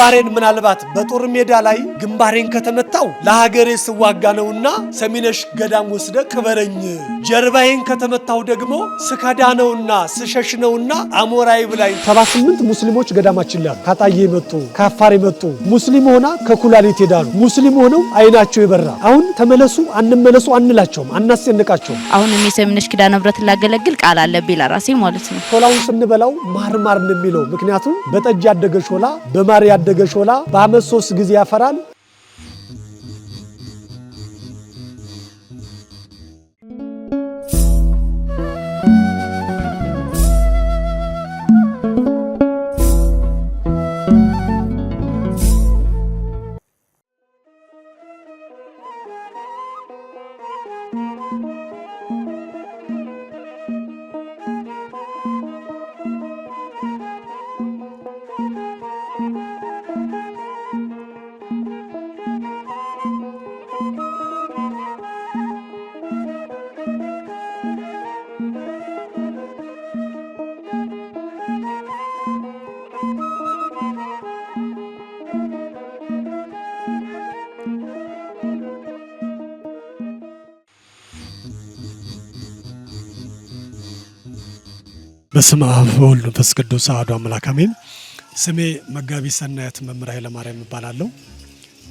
ግንባሬን ምናልባት በጦር ሜዳ ላይ ግንባሬን ከተመታው ለሀገሬ ስዋጋ ነውና ሰሚነሽ ገዳም ወስደ ክበረኝ ጀርባዬን ከተመታው ደግሞ ነውና አሞራዊ አሞራ ሰባ ስምንት ሙስሊሞች ገዳማችን ላሉ ካጣዬ የመጡ ከአፋር የመጡ ሙስሊም ሆና ከኩላሊት ሄዳሉ። ሙስሊም ሆነው አይናቸው የበራ አሁን ተመለሱ አንመለሱ አንላቸውም፣ አናስጨንቃቸውም። አሁን እኔ ሰሚነሽ ኪዳነ ምህረት ላገለግል ቃል አለብኝ ለራሴ ማለት ነው። ሾላውን ስንበላው ማር ማር ነው የሚለው ምክንያቱም በጠጅ ያደገ ሾላ በማር ያደገ ሾላ በአመት ሶስት ጊዜ ያፈራል። በስመ አብ በወልድ በመንፈስ ቅዱስ አሐዱ አምላክ አሜን። ስሜ መጋቢ ሰናያት መምህር ኃይለማርያም እባላለሁ።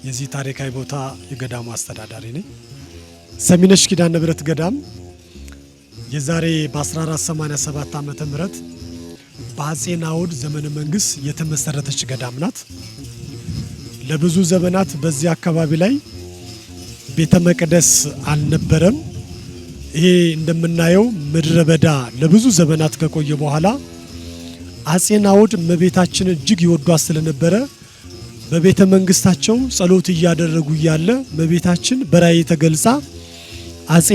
የዚህ ታሪካዊ ቦታ የገዳሙ አስተዳዳሪ ነኝ። ሰሚነሽ ኪዳነ ምህረት ገዳም የዛሬ በ1487 ዓመተ ምህረት በአጼ ናኦድ ዘመነ መንግስት የተመሰረተች ገዳም ናት። ለብዙ ዘመናት በዚህ አካባቢ ላይ ቤተ መቅደስ አልነበረም። ይሄ እንደምናየው ምድረ በዳ ለብዙ ዘመናት ከቆየ በኋላ አጼ መቤታችን እጅግ ይወዷት ስለነበረ በቤተ መንግስታቸው ጸሎት እያደረጉ እያለ እመቤታችን በራእይ ተገልጻ አጼ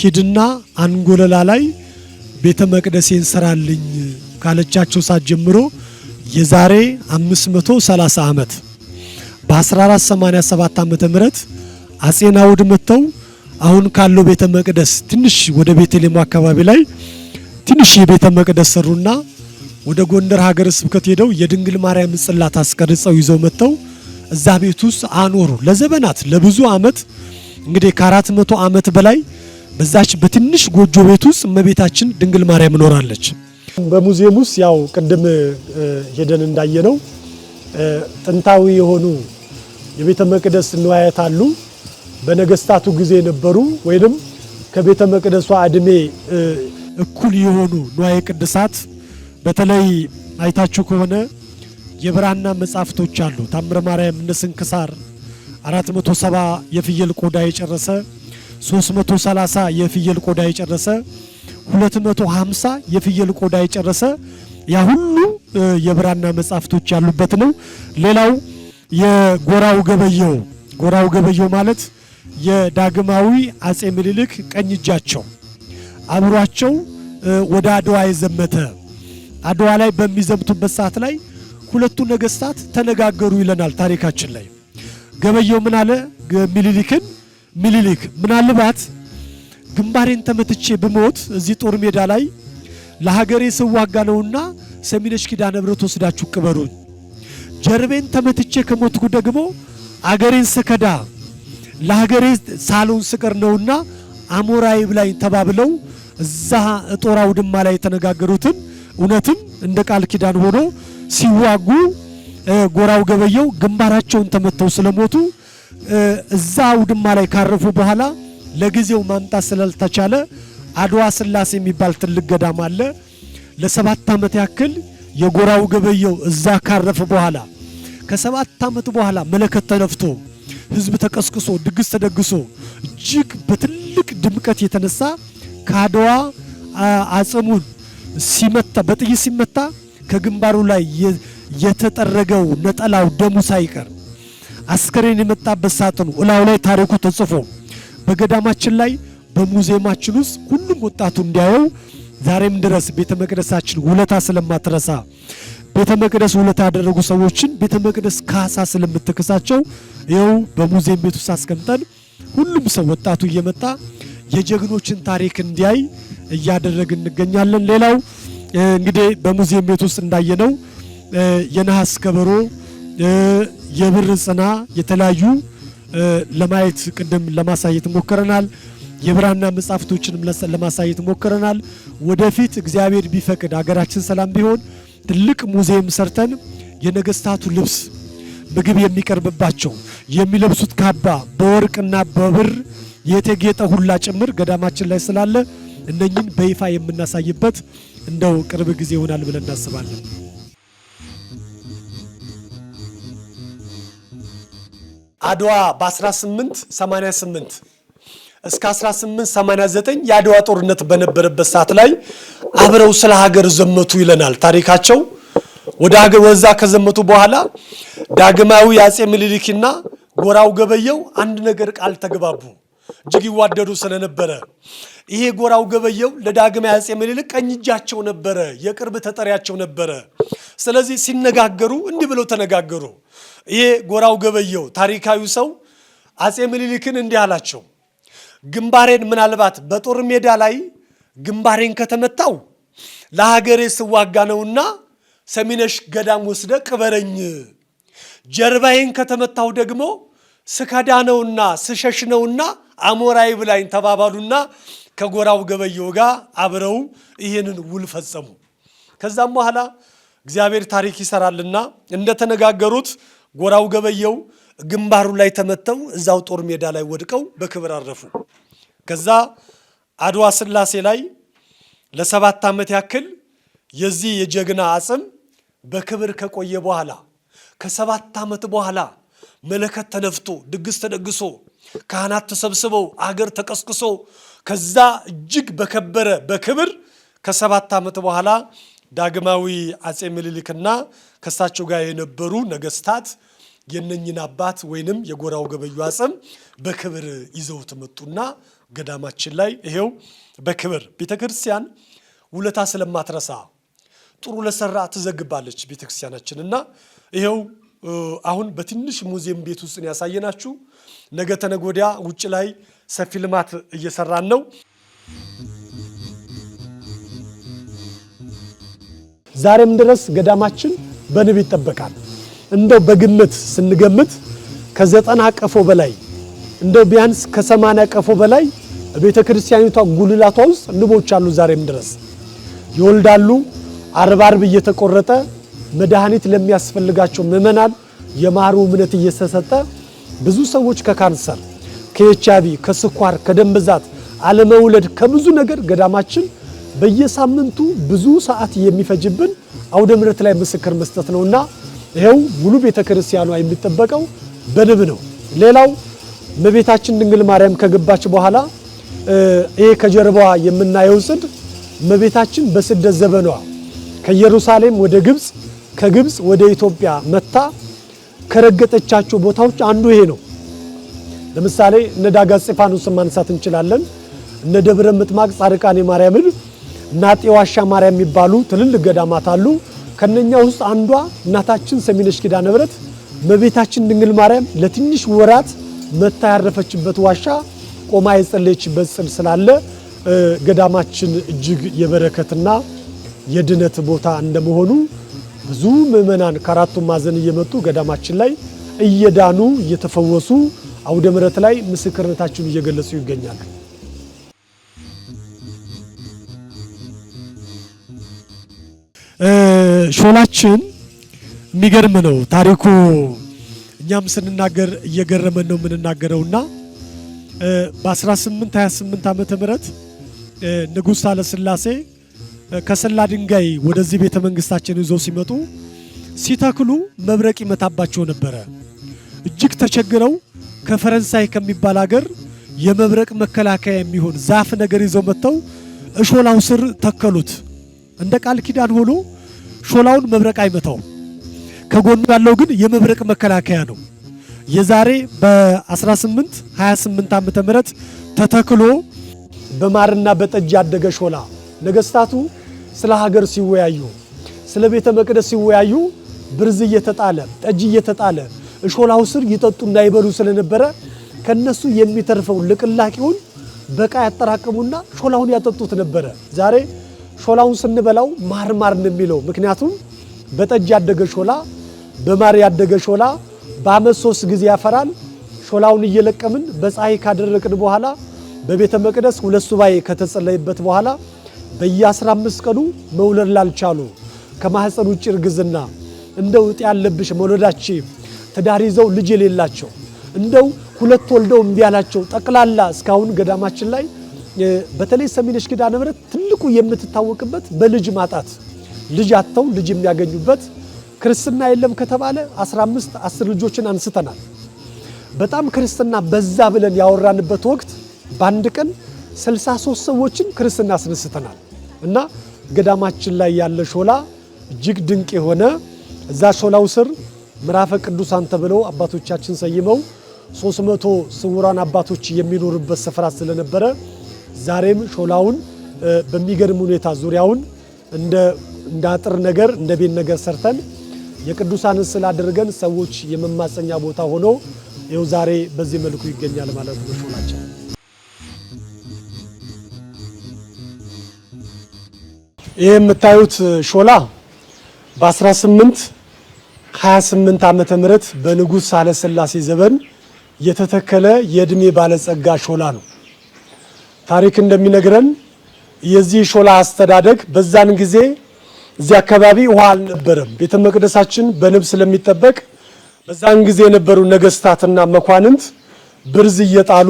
ሂድና አንጎለላ ላይ ቤተ መቅደሴን ስራልኝ ካለቻቸው ሰዓት ጀምሮ የዛሬ 530 ዓመት በ1487 ዓ ም አጼ መጥተው አሁን ካለው ቤተ መቅደስ ትንሽ ወደ ቤተልሔም አካባቢ ላይ ትንሽ የቤተ መቅደስ ሰሩና ወደ ጎንደር ሀገረ ስብከት ሄደው የድንግል ማርያም ጽላት አስቀርጸው ይዘው መጥተው እዛ ቤት ውስጥ አኖሩ። ለዘመናት ለብዙ አመት እንግዲህ ከአራት መቶ አመት በላይ በዛች በትንሽ ጎጆ ቤት ውስጥ እመቤታችን ድንግል ማርያም ኖራለች። በሙዚየም ውስጥ ያው ቅድም ሄደን እንዳየነው ጥንታዊ የሆኑ የቤተ መቅደስ ንዋያት አሉ። በነገስታቱ ጊዜ የነበሩ ወይም ከቤተ መቅደሷ እድሜ እኩል የሆኑ ንዋየ ቅድሳት በተለይ አይታችሁ ከሆነ የብራና መጻሕፍቶች አሉ። ታምረ ማርያም፣ እነ ስንክሳር 470 የፍየል ቆዳ የጨረሰ 330 የፍየል ቆዳ የጨረሰ 250 የፍየል ቆዳ የጨረሰ ያ ሁሉ የብራና መጻሕፍቶች ያሉበት ነው። ሌላው የጎራው ገበየው ጎራው ገበየው ማለት የዳግማዊ አጼ ምኒልክ ቀኝ እጃቸው አብሯቸው ወደ አድዋ የዘመተ አድዋ ላይ በሚዘምቱበት ሰዓት ላይ ሁለቱ ነገስታት ተነጋገሩ ይለናል ታሪካችን ላይ። ገበየው ምን አለ ምኒልክን፣ ምኒልክ ምናልባት ግንባሬን ተመትቼ ብሞት እዚህ ጦር ሜዳ ላይ ለሀገሬ ስዋጋ ነውና ሰሚነሽ ኪዳነ ምሕረት ወስዳችሁ ቅበሩኝ፣ ጀርቤን ተመትቼ ከሞትኩ ደግሞ አገሬን ስከዳ ለሀገሬ ሳልሆን ስቀር ነውና አሞራይ ብላኝ ተባብለው እዛ ጦር አውድማ ላይ የተነጋገሩትን እውነትም እንደ ቃል ኪዳን ሆኖ ሲዋጉ ጎራው ገበየው ግንባራቸውን ተመተው ስለሞቱ እዛ አውድማ ላይ ካረፉ በኋላ ለጊዜው ማምጣት ስላልተቻለ አድዋ ስላሴ የሚባል ትልቅ ገዳም አለ። ለሰባት ዓመት ያክል የጎራው ገበየው እዛ ካረፈ በኋላ ከሰባት ዓመት በኋላ መለከት ተነፍቶ ህዝብ ተቀስቅሶ ድግስ ተደግሶ እጅግ በትልቅ ድምቀት የተነሳ ከአድዋ አጽሙን ሲመታ በጥይት ሲመታ ከግንባሩ ላይ የተጠረገው ነጠላው ደሙ ሳይቀር አስከሬን የመጣበት ሳጥኑ እላው ላይ ታሪኩ ተጽፎ በገዳማችን ላይ በሙዚየማችን ውስጥ ሁሉም ወጣቱ እንዲያየው ዛሬም ድረስ ቤተ መቅደሳችን ውለታ ስለማትረሳ ቤተ መቅደስ ውለታ ያደረጉ ሰዎችን ቤተ መቅደስ ካሳ ስለምትከሳቸው ይኸው በሙዚየም ቤት ውስጥ አስቀምጠን ሁሉም ሰው ወጣቱ እየመጣ የጀግኖችን ታሪክ እንዲያይ እያደረግን እንገኛለን። ሌላው እንግዲህ በሙዚየም ቤት ውስጥ እንዳየነው የነሐስ ከበሮ፣ የብር ጽና፣ የተለያዩ ለማየት ቅድም ለማሳየት ሞክረናል። የብራና መጻሕፍቶችንም ለማሳየት ሞክረናል። ወደፊት እግዚአብሔር ቢፈቅድ ሀገራችን ሰላም ቢሆን ትልቅ ሙዚየም ሰርተን የነገስታቱ ልብስ ምግብ የሚቀርብባቸው የሚለብሱት ካባ በወርቅና በብር የተጌጠ ሁላ ጭምር ገዳማችን ላይ ስላለ እነኝን በይፋ የምናሳይበት እንደው ቅርብ ጊዜ ይሆናል ብለን እናስባለን። አድዋ በ1888 እስከ 1889 የአድዋ ጦርነት በነበረበት ሰዓት ላይ አብረው ስለ ሀገር ዘመቱ ይለናል ታሪካቸው። ወደ ሀገር ወዛ ከዘመቱ በኋላ ዳግማዊ የአጼ ምኒልክና ጎራው ገበየው አንድ ነገር ቃል ተገባቡ። እጅግ ይዋደዱ ስለነበረ ይሄ ጎራው ገበየው ለዳግማዊ አጼ ምኒልክ ቀኝ እጃቸው ነበረ፣ የቅርብ ተጠሪያቸው ነበረ። ስለዚህ ሲነጋገሩ እንዲህ ብለው ተነጋገሩ። ይሄ ጎራው ገበየው ታሪካዊ ሰው አጼ ምኒልክን እንዲህ አላቸው ግንባሬን ምናልባት በጦር ሜዳ ላይ ግንባሬን ከተመታው ለሀገሬ ስዋጋ ነውና ሰሚነሽ ገዳም ወስደ ቅበረኝ፣ ጀርባዬን ከተመታው ደግሞ ስከዳ ነውና ስሸሽ ነውና አሞራይ ብላኝ ተባባሉና ከጎራው ገበየው ጋር አብረው ይህንን ውል ፈጸሙ። ከዛም በኋላ እግዚአብሔር ታሪክ ይሰራልና እንደተነጋገሩት ጎራው ገበየው ግንባሩ ላይ ተመተው እዛው ጦር ሜዳ ላይ ወድቀው በክብር አረፉ። ከዛ አድዋ ስላሴ ላይ ለሰባት ዓመት ያክል የዚህ የጀግና አጽም በክብር ከቆየ በኋላ ከሰባት ዓመት በኋላ መለከት ተነፍቶ ድግስ ተደግሶ ካህናት ተሰብስበው አገር ተቀስቅሶ ከዛ እጅግ በከበረ በክብር ከሰባት ዓመት በኋላ ዳግማዊ አጼ ምኒልክና ከሳቸው ጋር የነበሩ ነገስታት የነኝን አባት ወይንም የጎራው ገበዩ አጽም በክብር ይዘውት መጡና ገዳማችን ላይ ይሄው በክብር ቤተ ክርስቲያን ውለታ ስለማትረሳ ጥሩ ለሰራ ትዘግባለች ቤተ ክርስቲያናችን ይሄው አሁን በትንሽ ሙዚየም ቤት ውስጥ ያሳየናችሁ። ነገ ተነገ ወዲያ ውጭ ላይ ሰፊ ልማት እየሰራን ነው። ዛሬም ድረስ ገዳማችን በንብ ይጠበቃል። እንደው በግምት ስንገምት ከዘጠና ቀፎ በላይ እንደው ቢያንስ ከሰማንያ ቀፎ በላይ ቤተ ክርስቲያኒቷ ጉልላቷ ውስጥ ንቦች አሉ። ዛሬም ድረስ ይወልዳሉ። አርብ አርብ እየተቆረጠ መድኃኒት ለሚያስፈልጋቸው ምእመናን የማሩ እምነት እየተሰጠ ብዙ ሰዎች ከካንሰር፣ ከኤችአይቪ፣ ከስኳር፣ ከደም ብዛት፣ አለመውለድ ከብዙ ነገር ገዳማችን በየሳምንቱ ብዙ ሰዓት የሚፈጅብን አውደ ምሕረት ላይ ምስክር መስጠት ነውና ይኸው ሙሉ ቤተ ክርስቲያኗ የሚጠበቀው በንብ ነው። ሌላው እመቤታችን ድንግል ማርያም ከገባች በኋላ ይሄ ከጀርባዋ የምናየው ጽድ እመቤታችን በስደት ዘመኗ ከኢየሩሳሌም ወደ ግብፅ፣ ከግብፅ ወደ ኢትዮጵያ መታ ከረገጠቻቸው ቦታዎች አንዱ ይሄ ነው። ለምሳሌ እነ ዳጋ ማንሳት እንችላለን። እነ ደብረ ምጥማቅ ጻድቃኔ ማርያምን እና ማርያም የሚባሉ ትልልቅ ገዳማት አሉ። ከነኛ ውስጥ አንዷ እናታችን ሰሚነሽ ኪዳነ ምሕረት እመቤታችን ድንግል ማርያም ለትንሽ ወራት መታ ያረፈችበት ዋሻ ቆማ የጸለየችበት ጽል ስላለ ገዳማችን እጅግ የበረከትና የድነት ቦታ እንደመሆኑ ብዙ ምእመናን ከአራቱ ማዕዘን እየመጡ ገዳማችን ላይ እየዳኑ እየተፈወሱ አውደ ምሕረት ላይ ምስክርነታችን እየገለጹ ይገኛሉ። ሾላችን የሚገርም ነው ታሪኩ። እኛም ስንናገር እየገረመን ነው እና በ1828 ዓመተ ምህረት ንጉሥ ኃይለሥላሴ ከሰላ ድንጋይ ወደዚህ ቤተ መንግስታችን ይዘው ሲመጡ ሲተክሉ መብረቅ ይመታባቸው ነበረ። እጅግ ተቸግረው ከፈረንሳይ ከሚባል ሀገር የመብረቅ መከላከያ የሚሆን ዛፍ ነገር ይዘው መጥተው እሾላው ስር ተከሉት። እንደ ቃል ኪዳን ሆኖ ሾላውን መብረቅ አይመታውም። ከጎኑ ያለው ግን የመብረቅ መከላከያ ነው። የዛሬ በ1828 ዓ ም ተተክሎ በማርና በጠጅ ያደገ ሾላ ነገስታቱ ስለ ሀገር ሲወያዩ፣ ስለ ቤተ መቅደስ ሲወያዩ ብርዝ እየተጣለ ጠጅ እየተጣለ እሾላው ስር ይጠጡና ይበሉ ስለነበረ ከነሱ የሚተርፈው ልቅላቂውን በቃ ያጠራቅሙና ሾላውን ያጠጡት ነበረ ዛሬ ሾላውን ስንበላው ማር ማር ነው የሚለው። ምክንያቱም በጠጅ ያደገ ሾላ፣ በማር ያደገ ሾላ በአመት ሶስት ጊዜ ያፈራል። ሾላውን እየለቀምን በፀሐይ ካደረቅን በኋላ በቤተ መቅደስ ሁለት ሱባኤ ከተጸለይበት በኋላ በየ15 ቀኑ መውለድ ላልቻሉ ከማህፀን ውጭ እርግዝና፣ እንደው እጢ ያለብሽ መውለዳች፣ ትዳር ይዘው ልጅ የሌላቸው እንደው ሁለት ወልደው እምቢ ያላቸው ጠቅላላ እስካሁን ገዳማችን ላይ በተለይ ሰሚነሽ ኪዳነ ምሕረት ትልቁ የምትታወቅበት በልጅ ማጣት ልጅ አጥተው ልጅ የሚያገኙበት ክርስትና የለም ከተባለ 15 10 ልጆችን አንስተናል። በጣም ክርስትና በዛ ብለን ያወራንበት ወቅት በአንድ ቀን 63 ሰዎችን ክርስትና አስነስተናል እና ገዳማችን ላይ ያለ ሾላ እጅግ ድንቅ የሆነ እዛ ሾላው ስር ምዕራፈ ቅዱሳን ተብለው አባቶቻችን ሰይመው 300 ስውራን አባቶች የሚኖሩበት ስፍራ ስለነበረ ዛሬም ሾላውን በሚገርም ሁኔታ ዙሪያውን እንደ አጥር ነገር እንደ ቤት ነገር ሰርተን የቅዱሳን ስዕል አድርገን ሰዎች የመማፀኛ ቦታ ሆኖ ይኸው ዛሬ በዚህ መልኩ ይገኛል ማለት ነው ሾላችን። ይህ የምታዩት ሾላ በ1828 ዓመተ ምህረት በንጉሥ ሳህለስላሴ ዘመን የተተከለ የዕድሜ ባለጸጋ ሾላ ነው። ታሪክ እንደሚነግረን የዚህ ሾላ አስተዳደግ በዛን ጊዜ እዚህ አካባቢ ውሃ አልነበረም። ቤተ መቅደሳችን በንብ ስለሚጠበቅ በዛን ጊዜ የነበሩ ነገስታትና መኳንንት ብርዝ እየጣሉ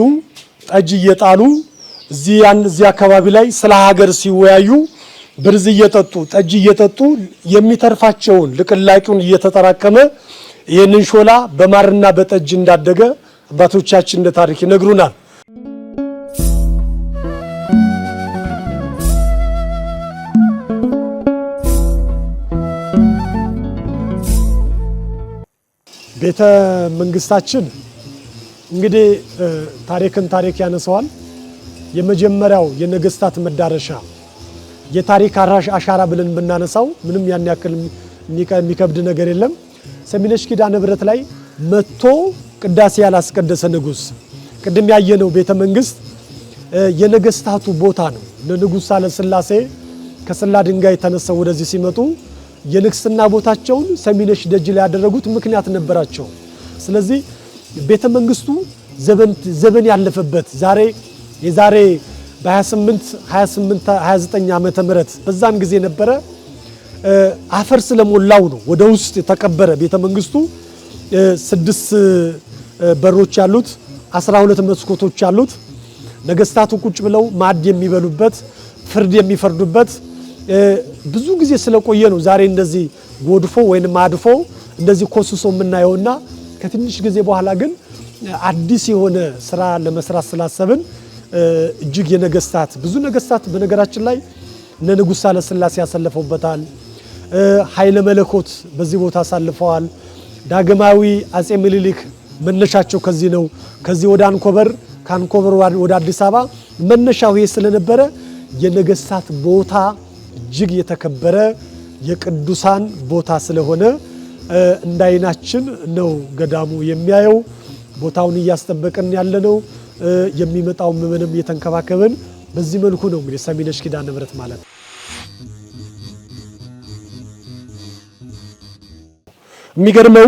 ጠጅ እየጣሉ እዚህ አካባቢ ላይ ስለ ሀገር ሲወያዩ ብርዝ እየጠጡ ጠጅ እየጠጡ የሚተርፋቸውን ልቅላቂውን እየተጠራቀመ ይህንን ሾላ በማርና በጠጅ እንዳደገ አባቶቻችን እንደ ታሪክ ይነግሩናል። ቤተ መንግስታችን እንግዲህ ታሪክን ታሪክ ያነሰዋል። የመጀመሪያው የነገስታት መዳረሻ የታሪክ አሻራ ብለን ብናነሳው ምንም ያን ያክል የሚከብድ ነገር የለም። ሰሚነሽ ኪዳነ ምህረት ላይ መጥቶ ቅዳሴ ያላስቀደሰ ንጉስ፣ ቅድም ያየነው ቤተ መንግስት የነገስታቱ ቦታ ነው። ለንጉሥ ስላሴ ከስላ ድንጋይ ተነሰው ወደዚህ ሲመጡ የንግስና ቦታቸውን ሰሚነሽ ደጅ ላይ ያደረጉት ምክንያት ነበራቸው። ስለዚህ ቤተ መንግስቱ ዘመን ያለፈበት ዛሬ የዛሬ በ28 28 29 ዓመተ ምህረት በዛን ጊዜ ነበረ አፈር ስለሞላው ነው ወደ ውስጥ የተቀበረ ቤተ መንግስቱ ስድስት በሮች ያሉት 12 መስኮቶች ያሉት ነገስታቱ ቁጭ ብለው ማዕድ የሚበሉበት ፍርድ የሚፈርዱበት ብዙ ጊዜ ስለቆየ ነው ዛሬ እንደዚህ ጎድፎ ወይንም አድፎ እንደዚህ ኮስሶ የምናየውና ከትንሽ ጊዜ በኋላ ግን አዲስ የሆነ ስራ ለመስራት ስላሰብን እጅግ የነገስታት ብዙ ነገስታት በነገራችን ላይ እነ ንጉሥ ሳለስላሴ ያሳልፈውበታል። ኃይለ መለኮት በዚህ ቦታ አሳልፈዋል። ዳግማዊ አጼ ምኒልክ መነሻቸው ከዚህ ነው። ከዚህ ወደ አንኮበር፣ ከአንኮበር ወደ አዲስ አበባ መነሻው ይሄ ስለነበረ የነገስታት ቦታ እጅግ የተከበረ የቅዱሳን ቦታ ስለሆነ እንዳይናችን ነው ገዳሙ የሚያየው። ቦታውን እያስጠበቅን ነው። የሚመጣው ምዕመንም እየተንከባከብን በዚህ መልኩ ነው እንግዲህ ሰሚነሽ ኪዳነ ምሕረት ማለት ነው። የሚገርመው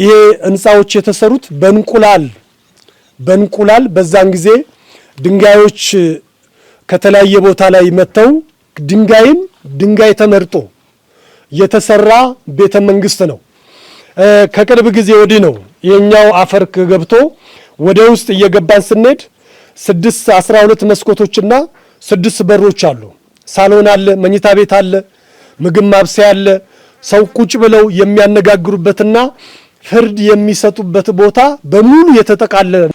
ይሄ ህንፃዎች የተሰሩት በእንቁላል በእንቁላል በዛን ጊዜ ድንጋዮች ከተለያየ ቦታ ላይ መጥተው ድንጋይም ድንጋይ ተመርጦ የተሰራ ቤተ መንግስት ነው። ከቅርብ ጊዜ ወዲህ ነው የኛው አፈር ገብቶ ወደ ውስጥ እየገባን ስንሄድ ስድስት አስራ ሁለት መስኮቶችና ስድስት በሮች አሉ። ሳሎን አለ፣ መኝታ ቤት አለ፣ ምግብ ማብሰያ አለ። ሰው ቁጭ ብለው የሚያነጋግሩበትና ፍርድ የሚሰጡበት ቦታ በሙሉ የተጠቃለለ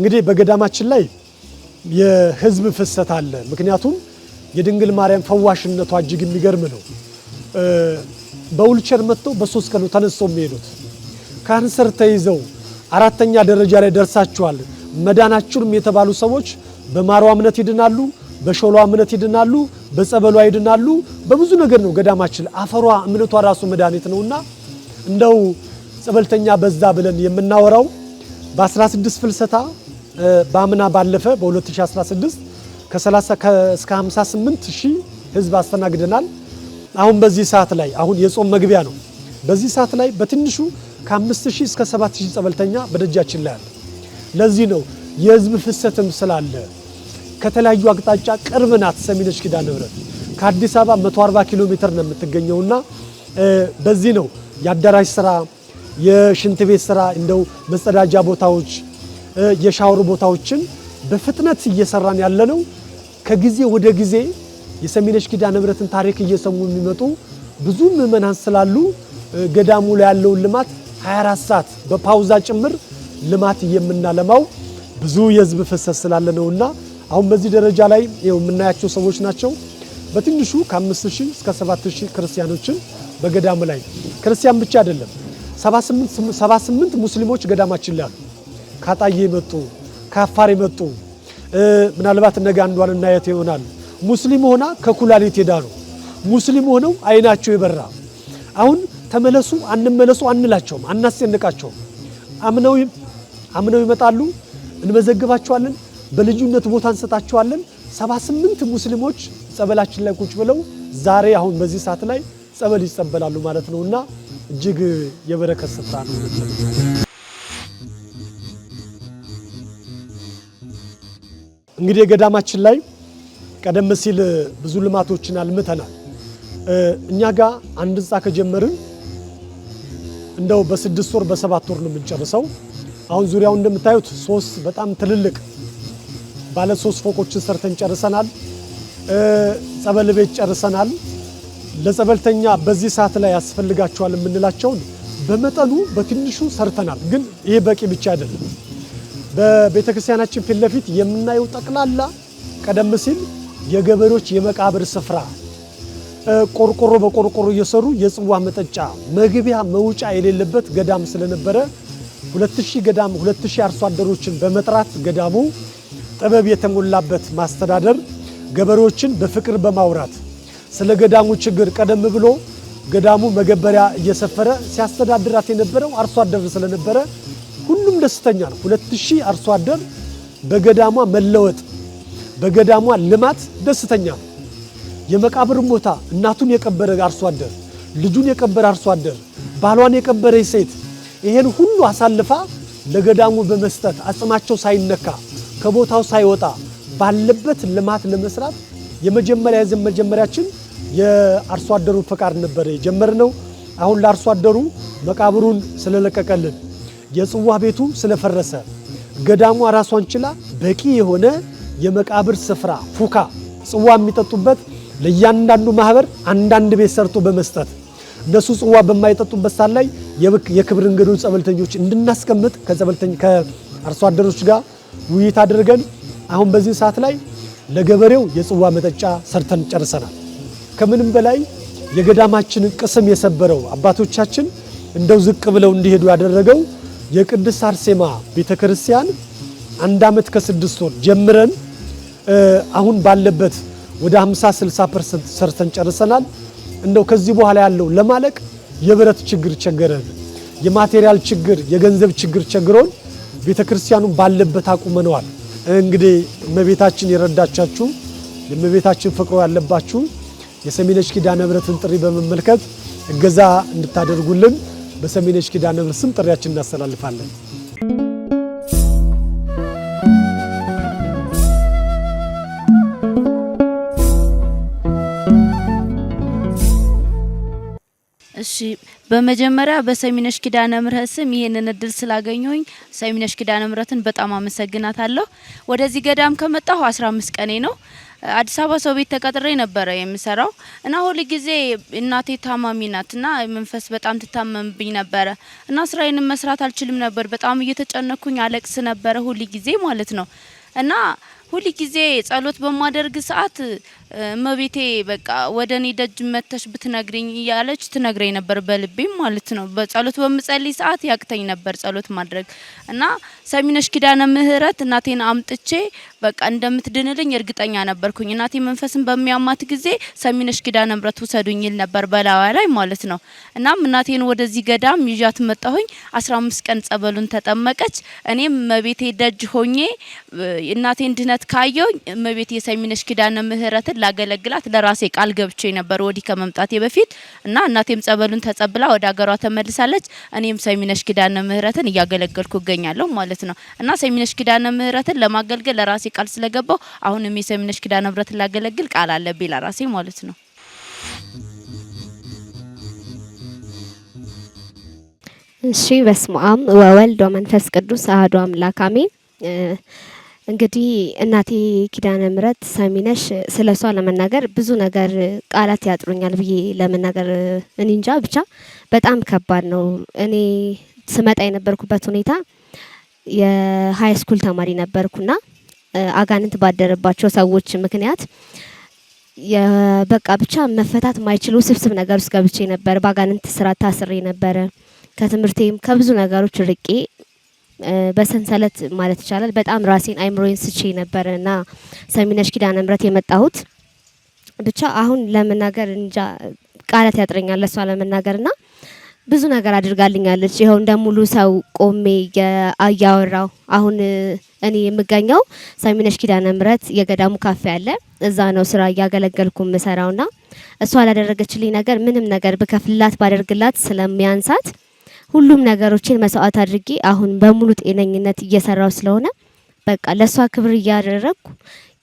እንግዲህ በገዳማችን ላይ የህዝብ ፍሰት አለ። ምክንያቱም የድንግል ማርያም ፈዋሽነቷ እጅግ የሚገርም ነው። በውልቸር መጥተው በሶስት ቀን ተነስተው የሚሄዱት ካንሰር ተይዘው አራተኛ ደረጃ ላይ ደርሳችኋል መዳናችሁም የተባሉ ሰዎች በማሯ እምነት ይድናሉ፣ በሾሏ እምነት ይድናሉ፣ በጸበሏ ይድናሉ። በብዙ ነገር ነው ገዳማችን። አፈሯ እምነቷ ራሱ መድኃኒት ነውና እንደው ጸበልተኛ በዛ ብለን የምናወራው በ16 ፍልሰታ በአምና ባለፈ በ2016 እስከ 58 ሺህ ህዝብ አስተናግደናል። አሁን በዚህ ሰዓት ላይ አሁን የጾም መግቢያ ነው። በዚህ ሰዓት ላይ በትንሹ ከ5 እስከ 7 ጸበልተኛ በደጃችን ላይ አለ። ለዚህ ነው የህዝብ ፍሰትም ስላለ ከተለያዩ አቅጣጫ ቅርብ ናት። ሰሚነሽ ኪዳነ ምህረት ከአዲስ አበባ 140 ኪሎ ሜትር ነው የምትገኘውና በዚህ ነው የአዳራሽ ስራ፣ የሽንት ቤት ስራ፣ እንደው መጸዳጃ ቦታዎች የሻወር ቦታዎችን በፍጥነት እየሰራን ያለ ነው። ከጊዜ ወደ ጊዜ የሰሚነሽ ኪዳነ ምሕረትን ታሪክ እየሰሙ የሚመጡ ብዙ ምዕመናን ስላሉ ገዳሙ ላይ ያለውን ልማት 24 ሰዓት በፓውዛ ጭምር ልማት የምናለማው ብዙ የህዝብ ፍሰት ስላለ ነውና አሁን በዚህ ደረጃ ላይ የምናያቸው ሰዎች ናቸው። በትንሹ ከ5000 እስከ 7000 ክርስቲያኖችን በገዳሙ ላይ ክርስቲያን ብቻ አይደለም 78 ሙስሊሞች ገዳማችን ላይ አሉ። ካጣዬ የመጡ ከአፋር የመጡ ምናልባት ነገ አንዷን እናየት ይሆናል። ሙስሊም ሆና ከኩላሊት የዳኑ ሙስሊም ሆነው አይናቸው የበራ አሁን ተመለሱ አንመለሱ አንላቸውም፣ አናስጨንቃቸውም። አምነው አምነው ይመጣሉ፣ እንመዘግባቸዋለን፣ በልዩነት ቦታ እንሰጣቸዋለን። ሰባ ስምንት ሙስሊሞች ጸበላችን ላይ ቁጭ ብለው ዛሬ አሁን በዚህ ሰዓት ላይ ጸበል ይጸበላሉ ማለት ነው እና እጅግ የበረከት ስፍራ ነው። እንግዲህ የገዳማችን ላይ ቀደም ሲል ብዙ ልማቶችን አልምተናል። እኛ ጋር አንድ ህንፃ ከጀመርን እንደው በስድስት ወር በሰባት ወር ነው የምንጨርሰው። አሁን ዙሪያው እንደምታዩት ሶስት በጣም ትልልቅ ባለ ሶስት ፎቆችን ሰርተን ጨርሰናል። ጸበል ቤት ጨርሰናል። ለጸበልተኛ በዚህ ሰዓት ላይ ያስፈልጋቸዋል የምንላቸውን በመጠኑ በትንሹ ሰርተናል። ግን ይሄ በቂ ብቻ አይደለም። በቤተክርስቲያናችን ፊት ለፊት የምናየው ጠቅላላ ቀደም ሲል የገበሬዎች የመቃብር ስፍራ ቆርቆሮ በቆርቆሮ እየሰሩ የጽዋ መጠጫ መግቢያ መውጫ የሌለበት ገዳም ስለነበረ 2000 ገዳም 2000 አርሶ አደሮችን በመጥራት ገዳሙ ጥበብ የተሞላበት ማስተዳደር ገበሬዎችን በፍቅር በማውራት ስለ ገዳሙ ችግር ቀደም ብሎ ገዳሙ መገበሪያ እየሰፈረ ሲያስተዳድራት የነበረው አርሶ አደር ስለነበረ ሁሉም ደስተኛ ነው። ሁለት ሺህ አርሶ አደር በገዳሟ መለወጥ በገዳሟ ልማት ደስተኛ ነው። የመቃብርን ቦታ እናቱን የቀበረ አርሶ አደር፣ ልጁን የቀበረ አርሶ አደር፣ ባሏን የቀበረ ሴት ይሄን ሁሉ አሳልፋ ለገዳሙ በመስጠት አጽማቸው ሳይነካ ከቦታው ሳይወጣ ባለበት ልማት ለመስራት የመጀመሪያ ዘመን መጀመሪያችን የአርሶ አደሩ ፈቃድ ነበረ የጀመርነው። አሁን ለአርሶ አደሩ መቃብሩን ስለለቀቀልን የጽዋ ቤቱ ስለፈረሰ ገዳሟ ራሷን ችላ በቂ የሆነ የመቃብር ስፍራ ፉካ ጽዋ የሚጠጡበት ለእያንዳንዱ ማህበር አንዳንድ ቤት ሰርቶ በመስጠት እነሱ ጽዋ በማይጠጡበት ሳት ላይ የክብር እንግዶች ጸበልተኞች እንድናስቀምጥ ከአርሶ አደሮች ጋር ውይይት አድርገን አሁን በዚህ ሰዓት ላይ ለገበሬው የጽዋ መጠጫ ሰርተን ጨርሰናል። ከምንም በላይ የገዳማችን ቅስም የሰበረው አባቶቻችን እንደው ዝቅ ብለው እንዲሄዱ ያደረገው የቅድስት አርሴማ ቤተክርስቲያን አንድ ዓመት ከስድስት ወር ጀምረን አሁን ባለበት ወደ 50 60 ፐርሰንት ሰርተን ጨርሰናል። እንደው ከዚህ በኋላ ያለው ለማለቅ የብረት ችግር ቸገረን፣ የማቴሪያል ችግር፣ የገንዘብ ችግር ቸግሮን ቤተክርስቲያኑን ባለበት አቁመነዋል። እንግዲህ እመቤታችን የረዳቻችሁ የእመቤታችን ፍቅሮ ያለባችሁ የሰሚነሽ ኪዳነ ምሕረትን ጥሪ በመመልከት እገዛ እንድታደርጉልን በሰሚነሽ ኪዳነምህረት ስም ጥሪያችን እናስተላልፋለን። እሺ በመጀመሪያ በሰሚነሽ ኪዳነ ምህረት ስም ይህንን እድል ስላገኘሁኝ ሰሚነሽ ኪዳነ ምህረትን በጣም አመሰግናታለሁ። ወደዚህ ገዳም ከመጣሁ 15 ቀኔ ነው። አዲስ አበባ ሰው ቤት ተቀጥሬ ነበረ የምሰራው እና ሁል ጊዜ እናቴ ታማሚ ናት እና መንፈስ በጣም ትታመምብኝ ነበረ እና ስራዬንም መስራት አልችልም ነበር። በጣም እየተጨነኩኝ አለቅስ ነበረ ሁል ጊዜ ማለት ነው እና ሁል ጊዜ ጸሎት በማደርግ ሰዓት እመቤቴ በቃ ወደ እኔ ደጅ መተሽ ብትነግርኝ እያለች ትነግረኝ ነበር። በልቤም ማለት ነው። በጸሎት በምጸልይ ሰዓት ያቅተኝ ነበር ጸሎት ማድረግ እና ሰሚነሽ ኪዳነ ምሕረት እናቴን አምጥቼ በቃ እንደምትድንልኝ እርግጠኛ ነበርኩኝ። እናቴ መንፈስን በሚያማት ጊዜ ሰሚነሽ ኪዳነ ምሕረት ውሰዱኝ ይል ነበር በላዋ ላይ ማለት ነው። እናም እናቴን ወደዚህ ገዳም ይዣት መጣሁኝ። አስራ አምስት ቀን ጸበሉን ተጠመቀች። እኔም እመቤቴ ደጅ ሆኜ እናቴን ድነት ካየው እመቤቴ የሰሚነሽ ኪዳነ ምሕረትን ላገለግላት ለራሴ ቃል ገብቼ ነበር ወዲህ ከመምጣቴ በፊት እና እናቴም ጸበሉን ተጸብላ ወደ ሀገሯ ተመልሳለች። እኔም ሰሚነሽ ኪዳነ ምህረትን እያገለገልኩ እገኛለሁ ማለት ነው እና ሰሚነሽ ኪዳነ ምህረትን ለማገልገል ለራሴ ቃል ስለገባው አሁንም የሰሚነሽ ኪዳነ ምህረትን ላገለግል ቃል አለብኝ ለራሴ ማለት ነው። እሺ በስመ አብ ወወልድ ወመንፈስ ቅዱስ አሐዱ አምላክ አሜን። እንግዲህ እናቴ ኪዳነ ምሕረት ሰሚነሽ ስለ እሷ ለመናገር ብዙ ነገር ቃላት ያጥሩኛል ብዬ ለመናገር እኔ እንጃ ብቻ በጣም ከባድ ነው። እኔ ስመጣ የነበርኩበት ሁኔታ የሀይ ስኩል ተማሪ ነበርኩና አጋንንት ባደረባቸው ሰዎች ምክንያት በቃ ብቻ መፈታት ማይችሉ ስብስብ ነገር ውስጥ ገብቼ ነበር። በአጋንንት ስራ ታስሬ ነበረ። ከትምህርቴም ከብዙ ነገሮች ርቄ በሰንሰለት ማለት ይቻላል በጣም ራሴን አይምሮዬን ስቼ ነበር እና ሰሚነሽ ኪዳነ ምህረት የመጣሁት ብቻ አሁን ለመናገር እንጃ ቃላት ያጥረኛል ለሷ ለመናገር ና ብዙ ነገር አድርጋልኛለች። ይኸው እንደ ሙሉ ሰው ቆሜ እያወራው አሁን እኔ የምገኘው ሰሚነሽ ኪዳነ ምህረት የገዳሙ ካፌ አለ። እዛ ነው ስራ እያገለገልኩ ና እሷ ላደረገችልኝ ነገር ምንም ነገር ብከፍልላት ባደርግላት ስለሚያንሳት ሁሉም ነገሮችን መስዋዕት አድርጌ አሁን በሙሉ ጤነኝነት እየሰራው ስለሆነ በቃ ለእሷ ክብር እያደረግኩ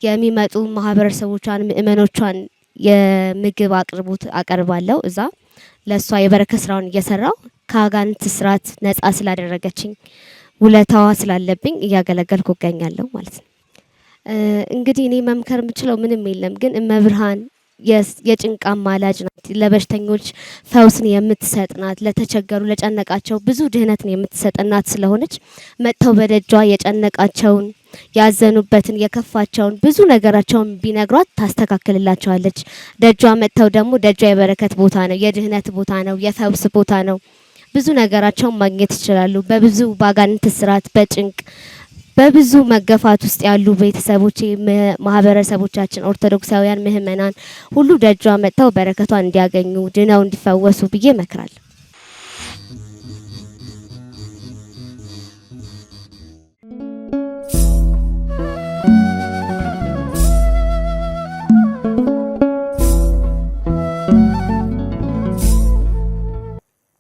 የሚመጡ ማህበረሰቦቿን ምእመኖቿን የምግብ አቅርቦት አቀርባለሁ። እዛ ለእሷ የበረከት ስራውን እየሰራው ከአጋንንት ስርዓት ነጻ ስላደረገችኝ ውለታዋ ስላለብኝ እያገለገልኩ እገኛለሁ ማለት ነው። እንግዲህ እኔ መምከር የምችለው ምንም የለም፣ ግን እመብርሃን የጭንቃ ማላጅ ናት። ለበሽተኞች ፈውስን የምትሰጥ ናት። ለተቸገሩ ለጨነቃቸው ብዙ ድህነትን የምትሰጥ ናት ስለሆነች መጥተው በደጇ የጨነቃቸውን ያዘኑበትን የከፋቸውን ብዙ ነገራቸውን ቢነግሯት ታስተካክልላቸዋለች። ደጇ መጥተው ደግሞ ደጇ የበረከት ቦታ ነው፣ የድህነት ቦታ ነው፣ የፈውስ ቦታ ነው። ብዙ ነገራቸውን ማግኘት ይችላሉ። በብዙ ባጋንንት ስርዓት በጭንቅ በብዙ መገፋት ውስጥ ያሉ ቤተሰቦች፣ ማህበረሰቦቻችን፣ ኦርቶዶክሳውያን ምህመናን ሁሉ ደጇ መጥተው በረከቷን እንዲያገኙ ድነው እንዲፈወሱ ብዬ እመክራለሁ።